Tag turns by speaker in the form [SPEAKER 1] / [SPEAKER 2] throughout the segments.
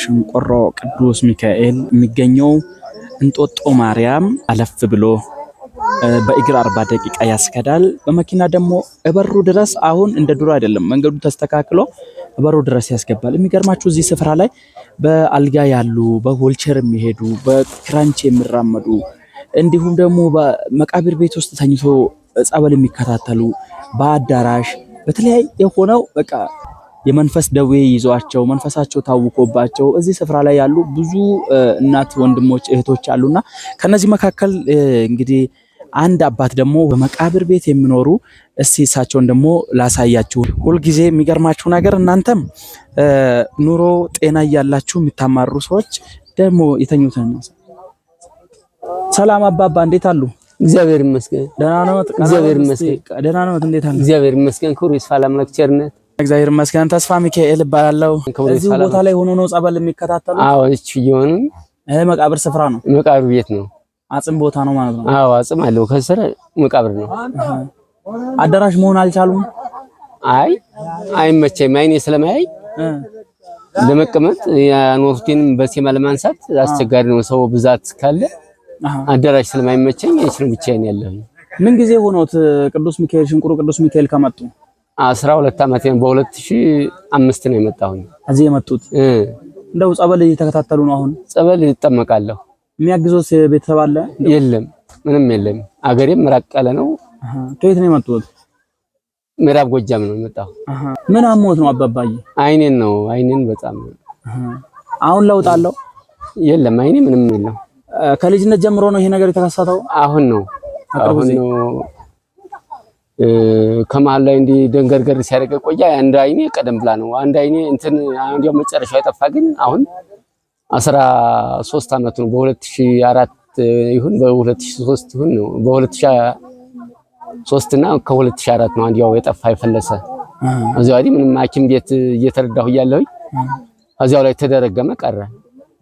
[SPEAKER 1] ሽንቆሮ ቅዱስ ሚካኤል የሚገኘው እንጦጦ ማርያም አለፍ ብሎ በእግር አርባ ደቂቃ ያስከዳል። በመኪና ደግሞ እበሩ ድረስ አሁን እንደ ድሮ አይደለም፣ መንገዱ ተስተካክሎ እበሩ ድረስ ያስገባል። የሚገርማችሁ እዚህ ስፍራ ላይ በአልጋ ያሉ፣ በሆልቸር የሚሄዱ፣ በክራንች የሚራመዱ እንዲሁም ደግሞ በመቃብር ቤት ውስጥ ተኝቶ ጸበል የሚከታተሉ በአዳራሽ በተለያየ ሆነው በቃ የመንፈስ ደዌ ይዟቸው መንፈሳቸው ታውቆባቸው እዚህ ስፍራ ላይ ያሉ ብዙ እናት ወንድሞች፣ እህቶች አሉና ከነዚህ መካከል እንግዲህ አንድ አባት ደግሞ በመቃብር ቤት የሚኖሩ እስቲ እሳቸውን ደግሞ ላሳያችሁ። ሁልጊዜ የሚገርማችሁ ነገር እናንተም ኑሮ ጤና እያላችሁ የሚታማሩ ሰዎች ደግሞ የተኙትን ነው። ሰላም አባባ እንዴት አሉ?
[SPEAKER 2] እግዚአብሔር ይመስገን ደህና ነው። እግዚአብሔር ይመስገን
[SPEAKER 1] ደህና ነው። እንዴት አሉ?
[SPEAKER 2] እግዚአብሔር ይመስገን። ክብሩ ይስፋ ለአምላክ ቸርነት
[SPEAKER 1] እግዚአብሔር ይመስገን። ተስፋ ሚካኤል እባላለሁ። እዚህ ቦታ ላይ ሆኖ ነው ጸበል የሚከታተሉ?
[SPEAKER 2] አዎ፣ እቺ ይሁን።
[SPEAKER 1] ይሄ መቃብር ስፍራ ነው፣
[SPEAKER 2] መቃብር ቤት ነው፣
[SPEAKER 1] አጽም ቦታ ነው ማለት
[SPEAKER 2] ነው። አዎ፣ አጽም አለው፣ ከስር መቃብር ነው።
[SPEAKER 1] አዳራሽ መሆን አልቻሉም።
[SPEAKER 2] አይ፣ አይመቸኝም። አይኔ ስለማያይ ለመቀመጥ ያኖርኩትን በሴማ ለማንሳት አስቸጋሪ ነው። ሰው ብዛት ካለ አዳራሽ ስለማይመቸኝ ብቻዬን ያለሁኝ።
[SPEAKER 1] ምን ጊዜ ሆኖት ቅዱስ ሚካኤል ሽንቁሩ ቅዱስ ሚካኤል ከመጡ
[SPEAKER 2] አስራ ሁለት አመቴን በሁለት ሺህ አምስት ነው የመጣሁኝ።
[SPEAKER 1] እዚህ የመጡት እንደው ጸበል እየተከታተሉ ነው። አሁን
[SPEAKER 2] ጸበል ይጠመቃለሁ።
[SPEAKER 1] የሚያግዞት ቤተሰብ አለ?
[SPEAKER 2] የለም፣ ምንም የለም። አገሬም ምራቀለ ያለ ነው።
[SPEAKER 1] ከየት ነው የመጡት?
[SPEAKER 2] ምዕራብ ጎጃም ነው የመጣሁ።
[SPEAKER 1] ምን አሞት ነው አባባዬ?
[SPEAKER 2] አይኔን ነው አይኔን በጣም
[SPEAKER 1] አሁን ለውጥ አለው?
[SPEAKER 2] የለም፣ አይኔ ምንም የለም።
[SPEAKER 1] ከልጅነት ጀምሮ ነው ይሄ ነገር የተከሰተው?
[SPEAKER 2] አሁን ነው አሁን ነው ከመሀል ላይ እንዲህ ደንገርገር ሲያደርገ ቆያ አንድ አይኔ ቀደም ብላ ነው አንድ አይኔ እንትን እንዲያው መጨረሻ የጠፋ ግን አሁን አስራ ሶስት አመት ነው። በሁለት ሺ አራት ይሁን በሁለት ሺ ሶስት ይሁን ነው በሁለት ሺ ሶስት እና ከሁለት ሺ አራት ነው አንዲያው የጠፋ የፈለሰ እዚያው አይደል ምንም ሐኪም ቤት እየተረዳሁ እያለሁኝ እዚያው ላይ ተደረገመ ቀረ።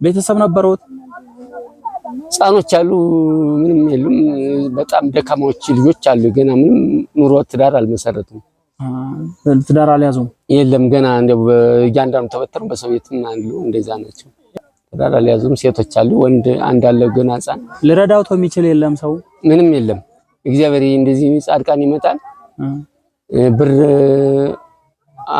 [SPEAKER 1] ቤተሰብ ነበረውት
[SPEAKER 2] ህጻኖች አሉ ምንም የሉም በጣም ደካማዎች ልጆች አሉ። ገና ምንም ኑሮ ትዳር አልመሰረቱም። ትዳር አልያዙም። የለም ገና እንደ እያንዳንዱ ተበተሩ በሰውየትም አሉ፣ እንደዛ ናቸው። ትዳር አልያዙም። ሴቶች አሉ፣ ወንድ አንድ አለ፣ ገና ሕፃን።
[SPEAKER 1] ልረዳውቶ የሚችል የለም፣ ሰው
[SPEAKER 2] ምንም የለም። እግዚአብሔር እንደዚህ ጻድቃን ይመጣል። ብር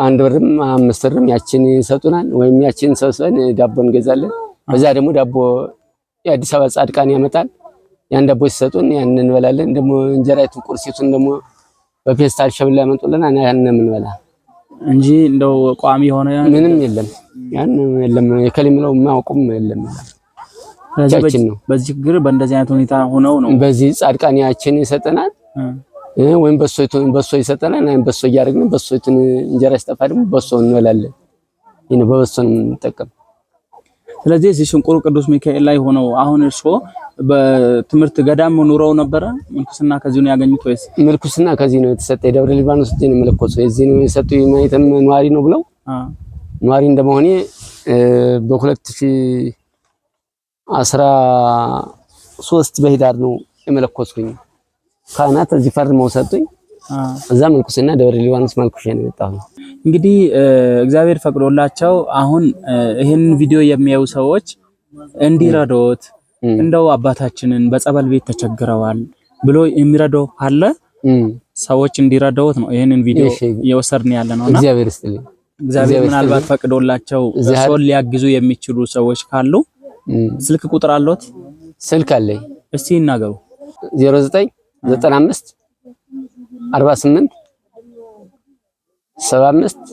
[SPEAKER 2] አንድ ብርም አምስት ብርም ያችን ይሰጡናል፣ ወይም ያችን ሰብስበን ዳቦ እንገዛለን። በዛ ደግሞ ዳቦ የአዲስ አበባ ጻድቃን ያመጣል። ያን ዳቦ ሲሰጡን ያን እንበላለን። ደግሞ እንጀራይቱ ቁርሲቱን ደግሞ በፌስታል ሸብላ ያመጡልን እና ያን የምንበላ
[SPEAKER 1] እንጂ እንደው ቋሚ የሆነ
[SPEAKER 2] ምንም የለም። ያን የለም የከሊምለው ማውቁም የለም።
[SPEAKER 1] ስለዚህ በዚህ ችግር በእንደዚህ አይነት ሁኔታ ሆነው ነው
[SPEAKER 2] በዚህ ጻድቃን ያችን ይሰጠናል ወይም በሶይቱን በሶ ይሰጠናል። አይ በሶ እያደረግን በሶይቱን እንጀራ ሲጠፋ ደግሞ በሶ እንበላለን። ይሄን በበሶ ነው የምንጠቀም።
[SPEAKER 1] ስለዚህ እዚህ ሽንቁሩ ቅዱስ ሚካኤል ላይ ሆነው አሁን እርሶ በትምህርት ገዳም ኑረው ነበረ? ምልኩስና ከዚህ ነው ያገኙት ወይስ?
[SPEAKER 2] ምልኩስና ከዚህ ነው የተሰጠ። የደብረ ሊባኖስ ነው መለኮሱ የዚህ ነው የሰጡ ማየትም ነዋሪ ነው ብለው ኗሪ እንደመሆኔ በሁለት ሺህ አስራ ሶስት በሂዳር ነው የመለኮስኩኝ። ካህናት እዚህ ፈርመው ሰጡኝ። እዛ ምልኩስና ደብረ ሊባኖስ መልኩሽ ነው የመጣሁ።
[SPEAKER 1] እንግዲህ እግዚአብሔር ፈቅዶላቸው አሁን ይህንን ቪዲዮ የሚያዩ ሰዎች እንዲረዶት እንደው አባታችንን በጸበል ቤት ተቸግረዋል ብሎ የሚረዳው አለ። ሰዎች እንዲረዳውት ነው ይህንን ቪዲዮ እየወሰድን ያለ ነውና እግዚአብሔር እግዚአብሔር ምናልባት ፈቅዶላቸው እርሶን ሊያግዙ የሚችሉ ሰዎች ካሉ ስልክ ቁጥር አለዎት? ስልክ አለኝ። እስቲ ይናገሩ።
[SPEAKER 2] 09 95 48 75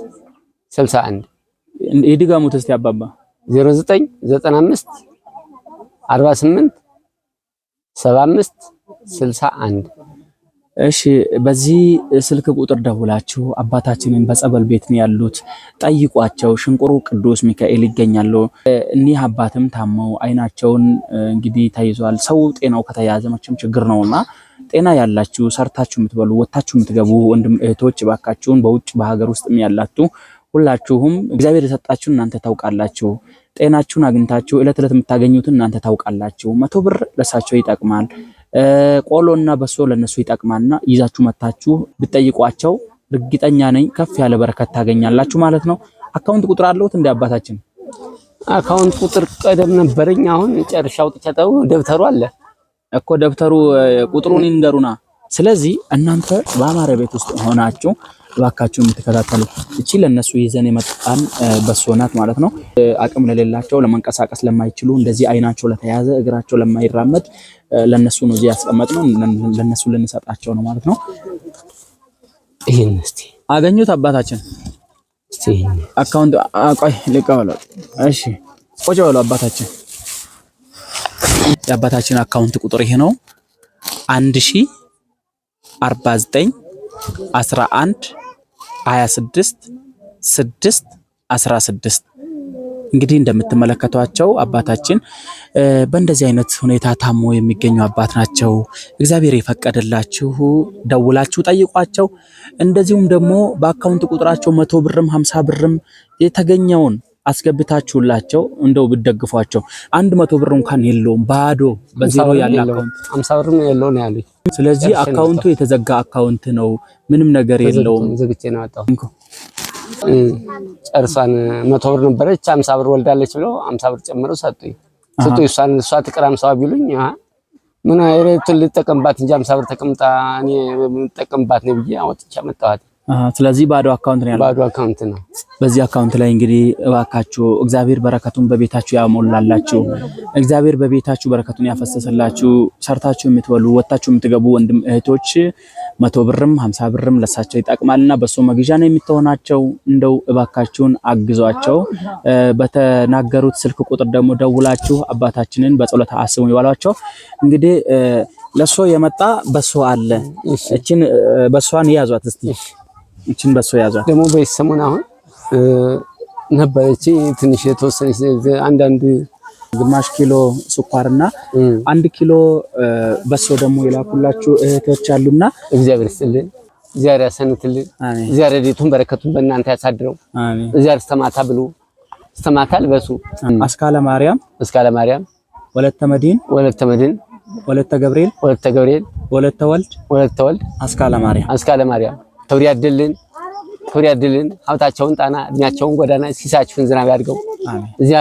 [SPEAKER 2] 61
[SPEAKER 1] የድጋሙት እስቲ አባባ
[SPEAKER 2] 09 95 48 75 61
[SPEAKER 1] እሺ በዚህ ስልክ ቁጥር ደውላችሁ አባታችንን በጸበል ቤት ነው ያሉት፣ ጠይቋቸው። ሽንቁሩ ቅዱስ ሚካኤል ይገኛሉ። እኒህ አባትም ታመው አይናቸውን እንግዲህ ተይዟል። ሰው ጤናው ከተያዘ መቼም ችግር ነውና ጤና ያላችሁ ሰርታችሁ የምትበሉ ወታችሁ የምትገቡ ወንድም እህቶች ባካችሁን፣ በውጭ በሀገር ውስጥ ያላችሁ ሁላችሁም እግዚአብሔር የሰጣችሁ እናንተ ታውቃላችሁ። ጤናችሁን አግኝታችሁ እለት እለት የምታገኙትን እናንተ ታውቃላችሁ። መቶ ብር ለሳቸው ይጠቅማል፣ ቆሎ እና በሶ ለነሱ ይጠቅማልና ይዛችሁ መታችሁ ብትጠይቋቸው እርግጠኛ ነኝ ከፍ ያለ በረከት ታገኛላችሁ ማለት ነው። አካውንት ቁጥር አለሁት እንደ አባታችን አካውንት ቁጥር ቀደም ነበረኝ። አሁን ጨርሻ አውጥቻለሁ። ደብተሩ አለ እኮ ደብተሩ ቁጥሩን ይንገሩና። ስለዚህ እናንተ በአማረ ቤት ውስጥ ሆናችሁ እባካችሁ የምትከታተሉ እቺ ለነሱ ይዘን የመጣን በሶ ናት ማለት ነው። አቅም ለሌላቸው ለመንቀሳቀስ ለማይችሉ እንደዚህ አይናቸው ለተያዘ እግራቸው ለማይራመድ ለነሱ ነው እዚህ ያስቀመጥ ነው ለነሱ ልንሰጣቸው ነው ማለት ነው። ይህን ስ አገኙት አባታችን አካውንት አቋይ ልቀበለው። እሺ ቁጭ በሉ አባታችን። የአባታችን አካውንት ቁጥር ይሄ ነው አስራ አንድ 26 6 16 እንግዲህ እንደምትመለከቷቸው አባታችን በእንደዚህ አይነት ሁኔታ ታሞ የሚገኙ አባት ናቸው። እግዚአብሔር የፈቀደላችሁ ደውላችሁ ጠይቋቸው። እንደዚሁም ደግሞ በአካውንት ቁጥራቸው መቶ ብርም ሀምሳ ብርም የተገኘውን አስገብታችሁላቸው እንደው ብደግፏቸው አንድ መቶ ብር እንኳን የለውም ባዶ በዜሮ ያለ አካውንት
[SPEAKER 2] አምሳ ብር የለው ነው ያሉኝ።
[SPEAKER 1] ስለዚህ አካውንቱ የተዘጋ አካውንት ነው፣ ምንም ነገር የለውም።
[SPEAKER 2] ዝግቼ ነው ያወጣው ጨርሷን መቶ ብር ነበረች አምሳ ብር ወልዳለች ብለው አምሳ ብር ጨምረው ሰጡኝ ሰጡኝ። እሷን እሷ ትቅር አምሳ ቢሉኝ ምን አይረቱን ልጠቀምባት እንጂ አምሳ ብር ተቀምጣ እኔ የምጠቀምባት ነው ብዬ አወጥቼ
[SPEAKER 1] ስለዚህ ባዶ አካውንት ነው ያለው።
[SPEAKER 2] ባዶ አካውንት ነው።
[SPEAKER 1] በዚህ አካውንት ላይ እንግዲህ እባካችሁ እግዚአብሔር በረከቱን በቤታችሁ ያሞላላችሁ። እግዚአብሔር በቤታችሁ በረከቱን ያፈሰሰላችሁ። ሰርታችሁ የምትበሉ ወጣችሁ የምትገቡ ወንድም እህቶች መቶ ብርም ሀምሳ ብርም ለሳቸው ይጠቅማልና በሱ መግዣ ነው የምትሆናቸው። እንደው እባካችሁን አግዟቸው። በተናገሩት ስልክ ቁጥር ደግሞ ደውላችሁ አባታችንን በጸሎት አስቡ ይባሏቸው። እንግዲህ ለሶ የመጣ በሶ አለ። እቺን በሷን ያዟት እስቲ ይችን በሶ ያዟት።
[SPEAKER 2] ደግሞ በዚህ ሰሞን አሁን ነበረች ትንሽ የተወሰነች አንዳንድ ግማሽ ኪሎ ስኳርና አንድ ኪሎ በሶ ደግሞ የላኩላችሁ እህቶች አሉና እግዚአብሔር ይስጥልን። እግዚአብሔር ያሰንትልን። እግዚአብሔር ረድኤቱን በረከቱን በእናንተ ያሳድረው። እግዚአብሔር እስተማታ ብሉ፣ እስተማታ ልበሱ።
[SPEAKER 1] አስካለ ማርያም፣ አስካለ ማርያም፣ ወለተ መድኅን፣ ወለተ መድኅን፣ ወለተ ገብርኤል፣ ወለተ ገብርኤል፣ ወለተ ወልድ፣ ወለተ ወልድ፣ አስካለ ማርያም፣ አስካለ ማርያም አስካለ ማርያም ወለተ መድን ወለተ መድን ወለተ ገብርኤል ወለተ ገብርኤል ወለተ ወልድ ወለተ ወልድ አስካለ ማርያም
[SPEAKER 2] አስካለ ማርያም ክብር ያድልን፣ ክብር ያድልን። ሀብታቸውን ጣና፣ እድሜያቸውን ጎዳና፣ ሲሳችሁን ዝናብ ያድርገው። እዚያ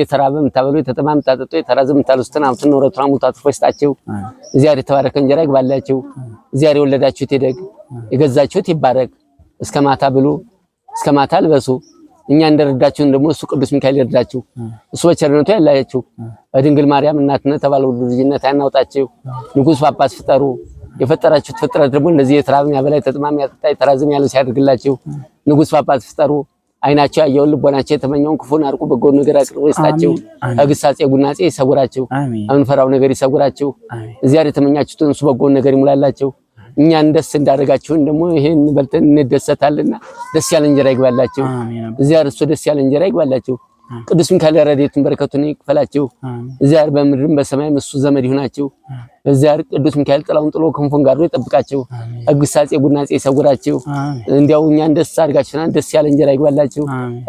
[SPEAKER 2] የተራበ የምታበሉ የተጠማ የምታጠጡ የተራዘ የምታልሱትን ሀብቱን ንብረቱን አሙልቶ አትርፎ ይስጣቸው። እዚያ የተባረከ እንጀራ ይግባላቸው። እዚያ የወለዳችሁት ይደግ፣ የገዛችሁት ይባረክ። እስከ ማታ ብሉ፣ እስከ ማታ ልበሱ። እኛ እንደረዳችሁን ደግሞ እሱ ቅዱስ ሚካኤል ይርዳችሁ። እሱ በቸርነቱ ያለያችሁ። በድንግል ማርያም እናትነት ተባለ ሁሉ ልጅነት ያናውጣችሁ። ንጉሥ ጳጳስ ፍጠሩ። የፈጠራችሁት ፍጥረት ደግሞ እንደዚህ የተራብም ያበላ የተጥማም ያጠጣ የተራዘም ያለ ሲያደርግላችሁ ንጉስ ጳጳስ ፍጠሩ። አይናቸው ያየውን ልቦናቸው የተመኘውን ክፉን አርቁ፣ በጎን ነገር አቅርቦ ይስጣቸው። ከግሳጼ ጉናጼ ይሰጉራቸው፣ አምንፈራው ነገር ይሰጉራቸው። እዚያር የተመኛችሁትን እሱ በጎን ነገር ይሙላላቸው። እኛን ደስ እንዳደረጋችሁን ደግሞ ይሄን በልተን እንደሰታልና ደስ ያለ እንጀራ ይግባላቸው። እዚያር እሱ ደስ ያለ እንጀራ ይግባላቸው። ቅዱስ ሚካኤል ረድኤቱን በረከቱን ይክፈላችሁ። እዚያር በምድርም በሰማይም እሱ ዘመድ ይሁናችሁ። እግዚአብሔር ቅዱስ ሚካኤል ጥላውን ጥሎ ክንፉን ጋርዶ ይጠብቃችሁ። እግሳጼ ጉናጼ ይሰውራችሁ። እንዲያው እኛን ደስ አድርጋችሁና ደስ ያለ እንጀራ ይግባላችሁ።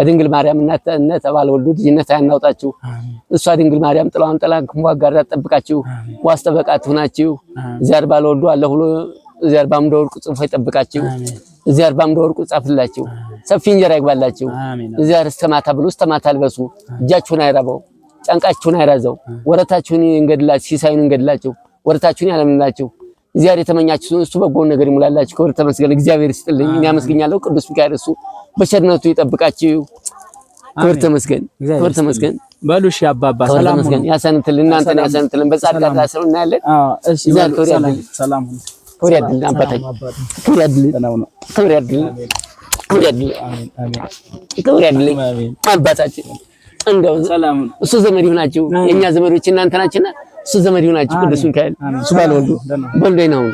[SPEAKER 2] ድንግል ማርያም እናትነት አባል ወልዱ ልጅነት አያናውጣችሁ። እሷ ድንግል ማርያም ጥላውን ጥላ ክንፏን ጋር ትጠብቃችሁ። ዋስ ጠበቃ ትሁናችሁ። ባለ ወልዱ አለ ሁሉ እዚያር በአምደ ወርቁ ጽፎ ይጠብቃችሁ። እግዚአብሔር በአምደ ወርቁ ጻፍላችሁ። ሰፊ እንጀራ ይግባላችሁ። እዚያ እስተማታ ብሉ፣ እስተማታ አልበሱ። እጃችሁን አይራበው፣ ጫንቃችሁን አይራዘው። ወረታችሁን እንገድላችሁ፣ ሲሳዩን እንገድላችሁ፣ ወረታችሁን ያለምላችሁ። እግዚአብሔር የተመኛችሁ እሱ በጎን ነገር ይሙላላችሁ። ክብር ተመስገን እግዚአብሔር ይስጥልኝ፣ እኔ አመስገኛለሁ። ቅዱስ ሚካኤል እሱ በቸርነቱ ይጠብቃችሁ። ክብር ተመስገን፣ ክብር ተመስገን።
[SPEAKER 1] በሉ እሺ አባባ ሰላም ሁኑ።
[SPEAKER 2] ያሰንትልን፣ እናንተን ያሰንትልን። በጻድቃት ላሰሩ እናያለን። እሺ፣ ሰላም ክብር ያድልን፣ አባታችን ክብር ያድልን፣ ክብር ያድልን። ውረድልኝ አባታችን፣ እንደው እሱ ዘመድ ይሁናችሁ የእኛ ዘመዶች እናንተ ናችሁና እሱ ዘመድ ይሁናችሁ። ቅዱስ ሚካኤል እሱ ባልወልዱ በልዶኝ ነው።